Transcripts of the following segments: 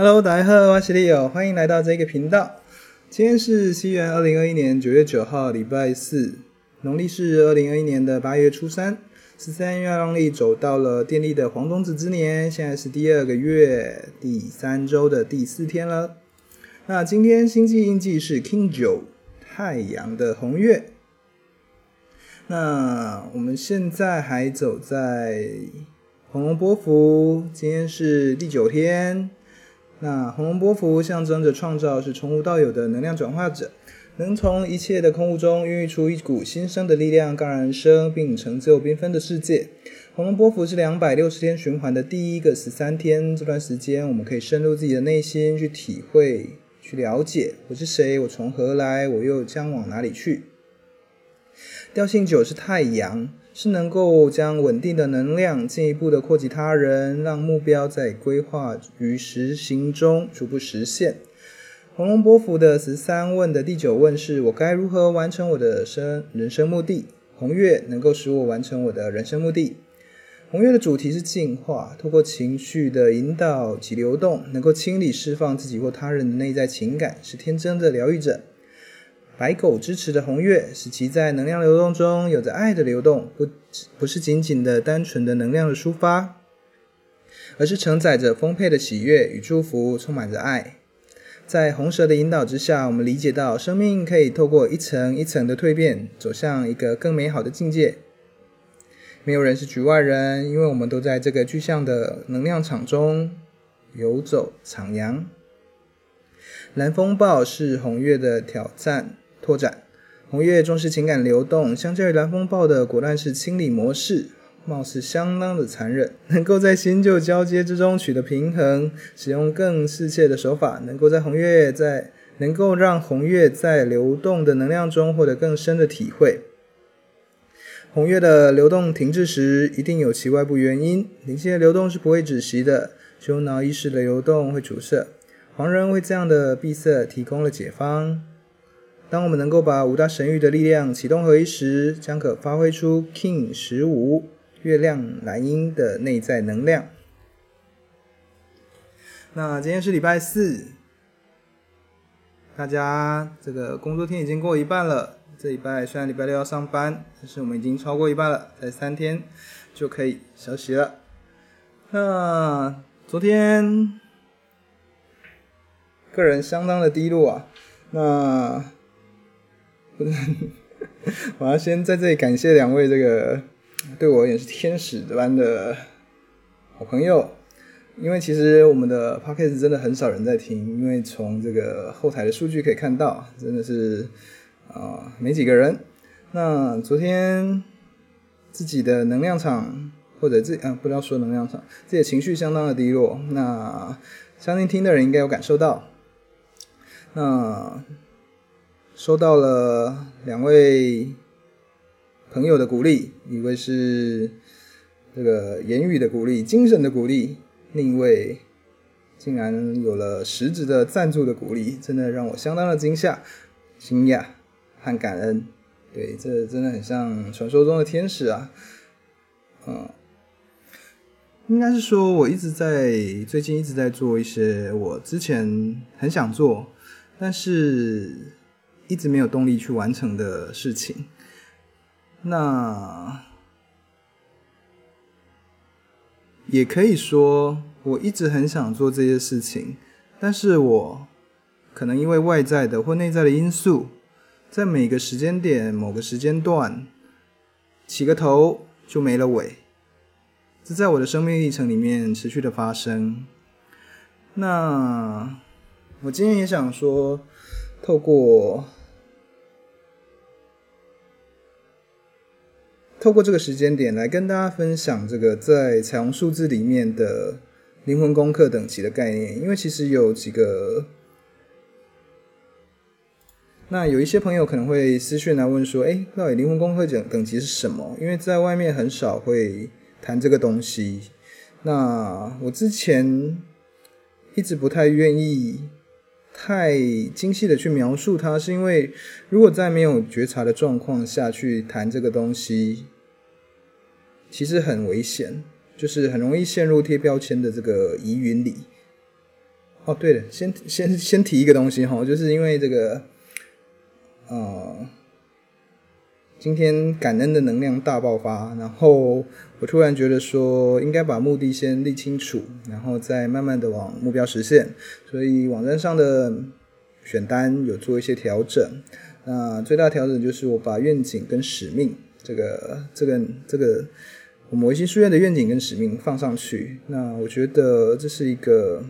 Hello，大家好，我是 Leo，歡迎來到這個頻道。今天是西元二零二一年九月九號，禮拜四，農曆是二零二一年的八月初三，十三月亮曆走到了電力的黃種子之年，現在是第二個月、第三周的第四天了。那今天星際印記是 KIN 九太陽的紅月。那我們現在還走在紅龍波符，今天是第九天。那紅龍波符象徵着創造，是從無到有的能量轉化者，能從一切的空無中孕育出一股新生的力量，讓人生並成就繽紛的世界。紅龍波符是兩百六十天循環的第一個十三天，這段時間我們可以深入自己的內心去體會、去了解，我是誰，我從何來，我又將往哪裡去？調性九是太陽。是能夠將穩定的能量進一步的擴及他人，讓目標在規劃與實行中逐步實現。《紅龍波符》的十三問的第九問是我該如何完成我的生人生目的？紅月能夠使我完成我的人生目的。紅月的主題是淨化，透過情緒的引導及流動，能夠清理釋放自己或他人的內在情感，是天真的療癒者。白狗支持的紅月，使其在能量流動中有着愛的流動，不不是僅僅的單純的能量的抒發，而是承載着豐沛的喜悅與祝福，充滿着愛。在紅蛇的引導之下，我們理解到生命可以透過一層一層的蛻變，走向一個更美好的境界。沒有人是局外人，因為我們都在這個具象的能量場中游走徜徉。藍風暴是紅月的挑戰。拓展，紅月重視情感流動，相較於藍風暴的果斷式清理模式，貌似相當的殘忍。能夠在新舊交接之中取得平衡，使用更適切的手法，能夠在紅月在能夠讓紅月在流動的能量中獲得更深的體會。紅月的流動停滯時，一定有其外部原因。靈界的流動是不會止息的，只有腦意識的流動會阻塞。黃人為這樣的閉塞提供了解方。當我們能夠把五大神諭的力量啟動合一時，將可發揮出 KIN 十五月亮藍鷹的內在能量。那今天是禮拜四，大家這個工作天已經過一半了。這禮拜雖然禮拜六要上班，但是我們已經超過一半了，在三天就可以休息了。那昨天個人相當的低落啊，那。 我要先在這裡感謝兩位，這個對我也是天使般的好朋友，因為其實我們的 podcast 真的很少人在聽，因為從這個後台的數據可以看到，真的是啊沒幾個人。那昨天自己的能量場或者自己啊，不知道說能量場，自己的情緒相當的低落，那相信聽的人應該有感受到。那。收到了兩位朋友的鼓勵，一位是這個言語的鼓勵、精神的鼓勵；另一位竟然有了實質的贊助的鼓勵，真的讓我相當的驚嚇、驚訝和感恩。對，這真的很像傳說中的天使啊！嗯，應該是說我一直在，最近一直在做一些我之前很想做，但是。一直沒有動力去完成的事情，那也可以說，我一直很想做這些事情，但是我可能因為外在的或內在的因素，在每個時間點、某個時間段起個頭就沒了尾，這在我的生命歷程裡面持續的發生。那我今天也想說，透過。透過這個時間點，來跟大家分享這個在彩虹數字裡面的靈魂功課等級的概念，因為其實有幾個，那有一些朋友可能會私訊來問說，誒、欸，到底靈魂功課等等級是什麼？因為在外面很少會談這個東西。那我之前一直不太願意。太精細的去描述它，是因為如果在沒有覺察的狀況下去談這個東西，其實很危險，就是很容易陷入貼標籤的這個疑雲裡。哦，對了，先先先提一個東西哈，就是因為這個，嗯、呃。今天感恩的能量大爆發，然後我突然覺得說應該把目的先立清楚，然後再慢慢的往目標實現。所以網站上的選單有做一些調整。那最大調整就是我把願景跟使命這個、這個、這個我們維新書院的願景跟使命放上去。那我覺得這是一個，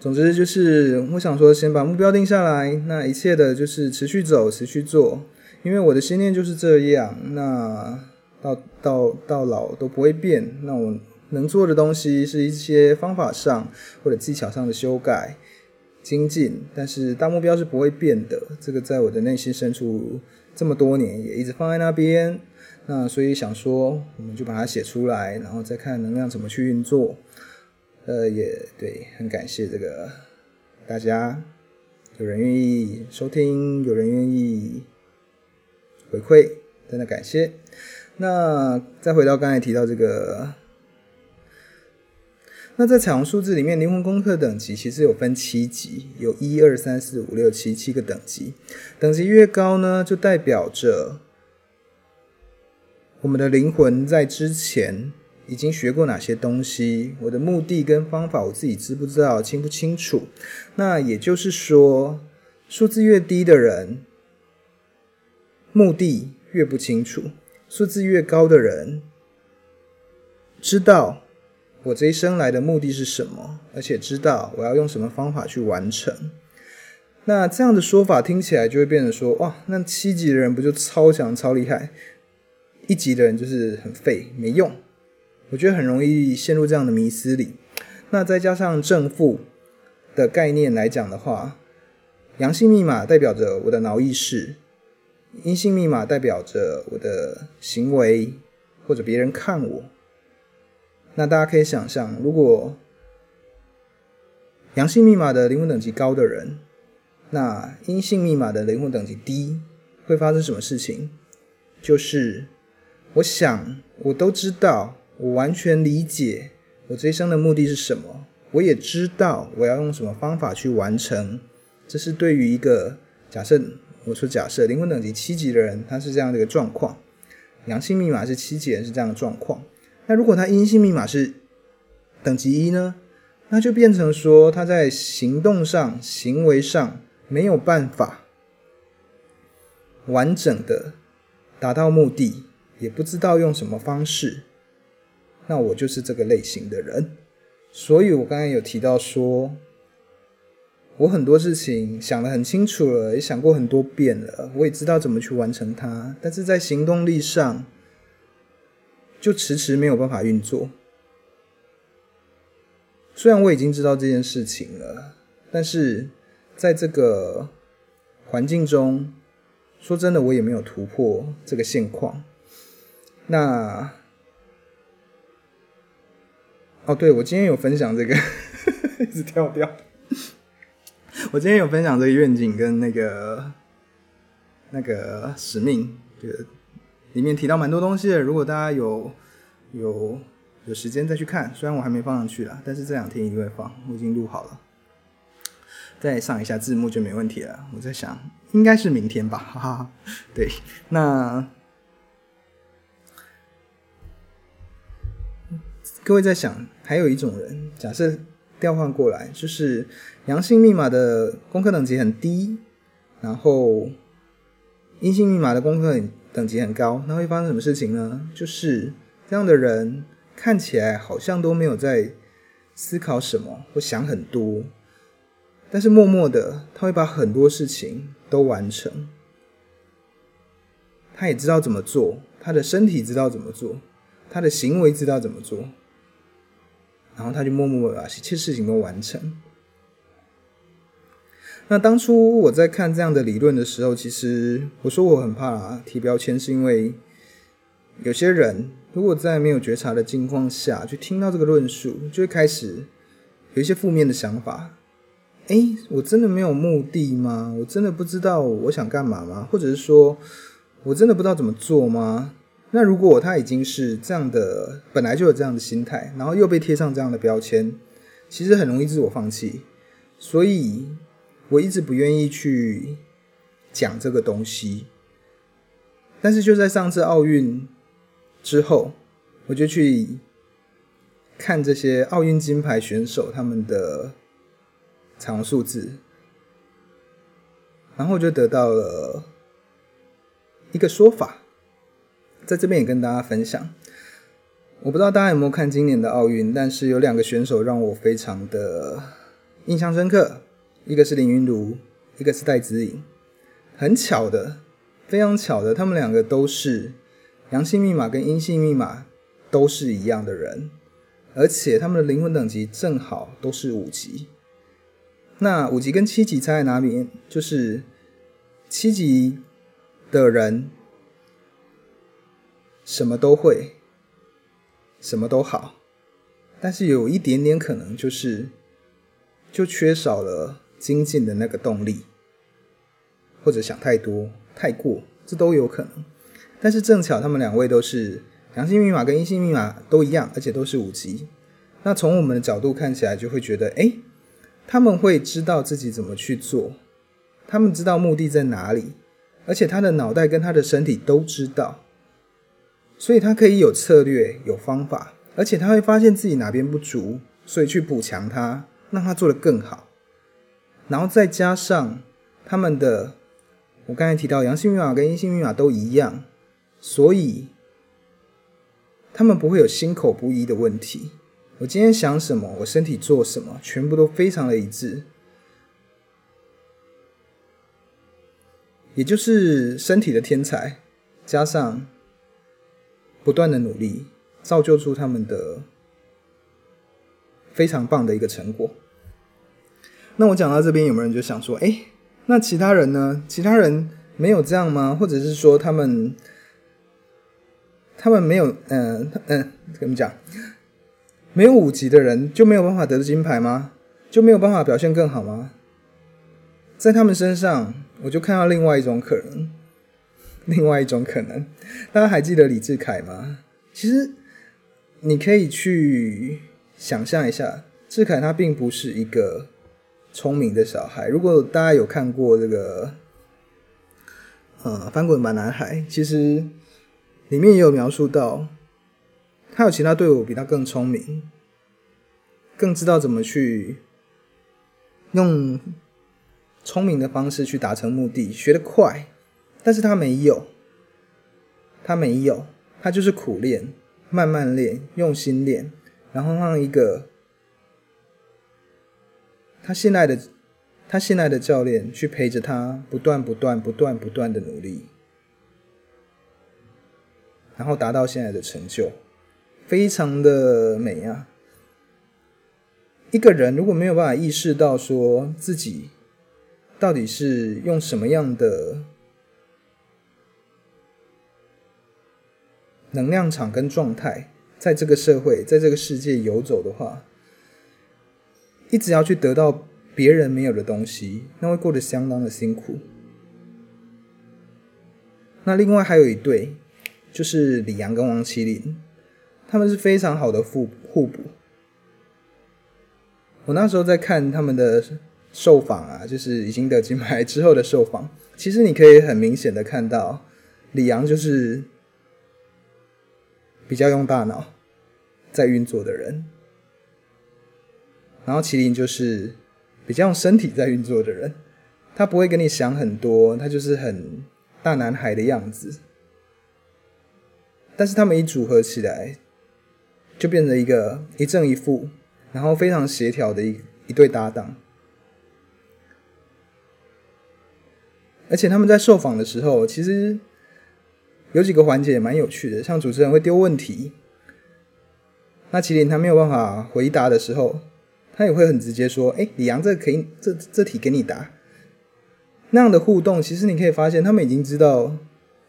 總之就是我想說先把目標定下來，那一切的就是持續走，持續做。因為我的心念就是這樣，那到到到老都不會變。那我能做的東西是一些方法上或者技巧上的修改、精進，但是大目標是不會變的。這個在我的內心深處這麼多年也一直放在那邊。那所以想說，我們就把它寫出來，然後再看能量怎麼去運作。呃，也對，很感謝這個大家，有人願意收聽，有人願意。回饋，真的感謝。那再回到剛才提到這個，那在彩虹數字裡面，靈魂功課等級其實有分七級，有一二三四五六七七個等級。等級越高呢，就代表着我們的靈魂在之前已經學過哪些東西，我的目的跟方法我自己知不知道，清不清楚。那也就是說，數字越低的人。目的越不清楚，數字越高的人知道我這一生來的目的是什麼，而且知道我要用什麼方法去完成。那這樣的說法聽起來就會變得說：“哇，那七級的人不就超強、超厲害？一級的人就是很廢、沒用。”我覺得很容易陷入這樣的迷思裡。那再加上正負的概念來講的話，陽性密碼代表着我的腦意識。陰性密碼代表着我的行為，或者別人看我。那大家可以想象，如果陽性密碼的靈魂等級高的人，那陰性密碼的靈魂等級低，會發生什麼事情？就是我想，我都知道，我完全理解我這一生的目的是什麼，我也知道我要用什麼方法去完成。這是對於一個假設。我說，假設靈魂等級七級的人，他是這樣的一個狀況，陽性密碼是七級人是這樣的狀況。那如果他陰性密碼是等級一呢？那就變成說他在行動上、行為上沒有辦法完整的達到目的，也不知道用什麼方式。那我就是這個類型的人，所以我剛才有提到說。我很多事情想得很清楚了，也想過很多遍了，我也知道怎麼去完成它，但是在行動力上就遲遲沒有辦法運作。雖然我已經知道這件事情了，但是在這個環境中，說真的，我也沒有突破這個現況。那哦，對，我今天有分享這個， 一直跳掉。跳我今天有分享這個願景跟那個那個使命，就裡面提到蠻多東西的。如果大家有有有時間再去看，雖然我還沒放上去啦，但是這兩天一定會放，我已經錄好了。再上一下字幕就沒問題了。我在想，應該是明天吧，哈哈哈。對，那各位在想，還有一種人，假設。調換過來就是陽性密碼的功課等級很低，然後陰性密碼的功課等級很高。那會發生什麼事情呢？就是這樣的人看起來好像都沒有在思考什麼，或想很多，但是默默的他會把很多事情都完成。他也知道怎麼做，他的身體知道怎麼做，他的行為知道怎麼做。然後他就默默地把一切事情都完成。那當初我在看這樣的理論的時候，其實我說我很怕、啊、提標籤，是因為有些人如果在沒有覺察的情況下去聽到這個論述，就會開始有一些負面的想法。誒，我真的沒有目的嗎？我真的不知道我想幹嘛嗎？或者是說我真的不知道怎麼做嗎？那如果他已經是這樣的，本來就有這樣的心態，然後又被貼上這樣的標籤，其實很容易自我放棄。所以我一直不願意去講這個東西。但是就在上次奧運之後，我就去看這些奧運金牌選手他們的長數字，然後就得到了一個說法。在這邊也跟大家分享，我不知道大家有沒有看今年的奧運，但是有兩個選手讓我非常的印象深刻，一個是林昀儒，一個是戴資穎。很巧的，非常巧的，他們兩個都是陽性密碼跟陰性密碼都是一樣的人，而且他們的靈魂等級正好都是五級。那五級跟七級差在哪裡？就是七級的人。什麼都會，什麼都好，但是有一點點可能就是，就缺少了精進的那個動力，或者想太多、太過，這都有可能。但是正巧他們兩位都是陽性密碼跟陰性密碼都一樣，而且都是五級。那從我們的角度看起來，就會覺得，哎，他們會知道自己怎麼去做，他們知道目的在哪裡，而且他的腦袋跟他的身體都知道。所以他可以有策略、有方法，而且他會發現自己哪邊不足，所以去補強他，讓他做得更好。然後再加上他們的，我剛才提到陽性密碼跟陰性密碼都一樣，所以他們不會有心口不一的問題。我今天想什麼，我身體做什麼，全部都非常的一致，也就是身體的天才，加上。不斷的努力，造就出他們的非常棒的一個成果。那我講到這邊，有沒有人就想說，哎、欸，那其他人呢？其他人沒有這樣嗎？或者是說，他們他們沒有，嗯、呃、嗯、呃，跟你們講，沒有五級的人就沒有辦法得到金牌嗎？就沒有辦法表現更好嗎？在他們身上，我就看到另外一種可能。另外一種可能，大家還記得李志凱嗎？其實你可以去想象一下，志凱他並不是一個聰明的小孩。如果大家有看過這個，呃，《翻滾吧，男孩》，其實裡面也有描述到，他有其他隊伍比他更聰明，更知道怎麼去用聰明的方式去達成目的，學得快。但是他沒有，他沒有，他就是苦練，慢慢練，用心練，然後讓一個他信賴的、他信賴的教練去陪着他，不斷、不斷、不斷、不斷的努力，然後達到現在的成就，非常的美啊。一個人如果沒有辦法意識到說自己到底是用什麼樣的。能量場跟狀態，在這個社會，在這個世界遊走的話，一直要去得到別人沒有的東西，那會過得相當的辛苦。那另外還有一對，就是李洋跟王齊麟，他們是非常好的互互補。我那時候在看他們的受訪啊，就是已經得金牌之後的受訪，其實你可以很明顯的看到，李洋就是。比較用大腦在運作的人，然後麒麟就是比較用身體在運作的人，他不會跟你想很多，他就是很大男孩的樣子。但是他們一組合起來，就變成一個一正一負，然後非常協調的一一對搭檔。而且他們在受訪的時候，其實。有幾個環節也蠻有趣的，像主持人會丟問題，那麒麟他沒有辦法回答的時候，他也會很直接說：“誒，李陽，這可以，這這題給你答。”那樣的互動，其實你可以發現，他們已經知道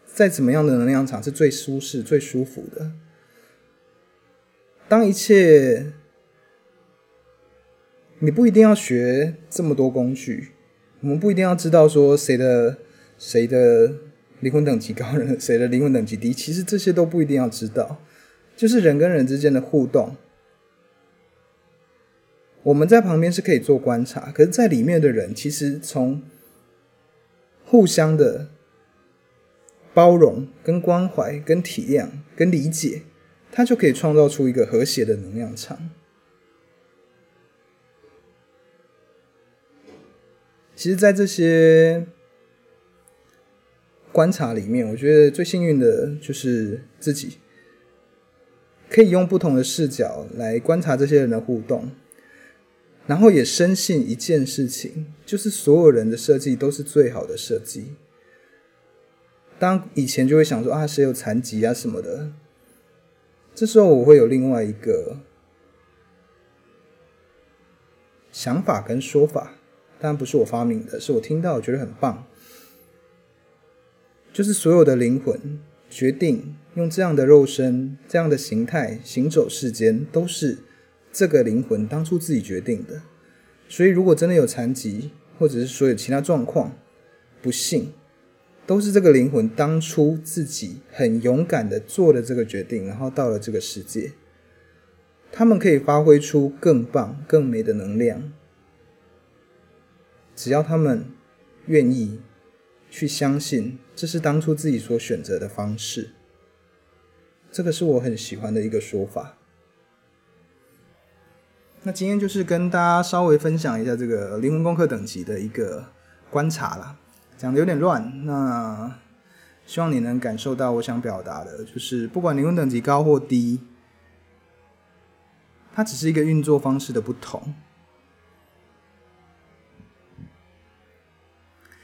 在怎麼樣的能量場是最舒適、最舒服的。當一切，你不一定要學這麼多工具，我們不一定要知道說誰的誰的。靈魂等級高人誰的靈魂等級低？其實這些都不一定要知道，就是人跟人之間的互動。我們在旁邊是可以做觀察，可是在裡面的人，其實從互相的包容、跟關懷、跟體諒、跟理解，他就可以創造出一個和諧的能量場。其實，在這些。觀察裡面，我覺得最幸運的就是自己可以用不同的視角來觀察這些人的互動，然後也深信一件事情，就是所有人的設計都是最好的設計。當然以前就會想說啊，誰有殘疾啊什麼的，這時候我會有另外一個想法跟說法，當然不是我發明的，是我聽到我覺得很棒。就是所有的靈魂決定用這樣的肉身、這樣的形態行走世間，都是這個靈魂當初自己決定的。所以，如果真的有殘疾，或者是說有其他狀況、不幸，都是這個靈魂當初自己很勇敢的做了這個決定，然後到了這個世界，他們可以發揮出更棒、更美的能量，只要他們願意去相信。這是當初自己所選擇的方式，這個是我很喜歡的一個說法。那今天就是跟大家稍微分享一下這個靈魂功課等級的一個觀察啦，講得有點亂，那希望你能感受到我想表達的，就是不管靈魂等級高或低，它只是一個運作方式的不同，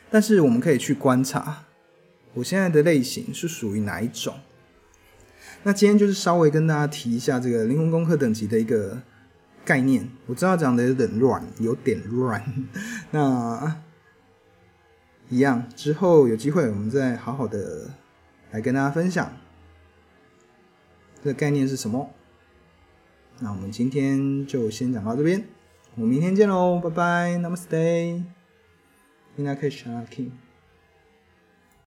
但是我們可以去觀察。我現在的類型是屬於哪一種？那今天就是稍微跟大家提一下這個靈魂功課等級的一個概念。我知道講的有點亂，有點亂。 那一樣之後有機會我們再好好的來跟大家分享這個概念是什麼。那我們今天就先講到這邊，我們明天見嘍，拜拜，Namaste，In Lak'ech Ala K'in。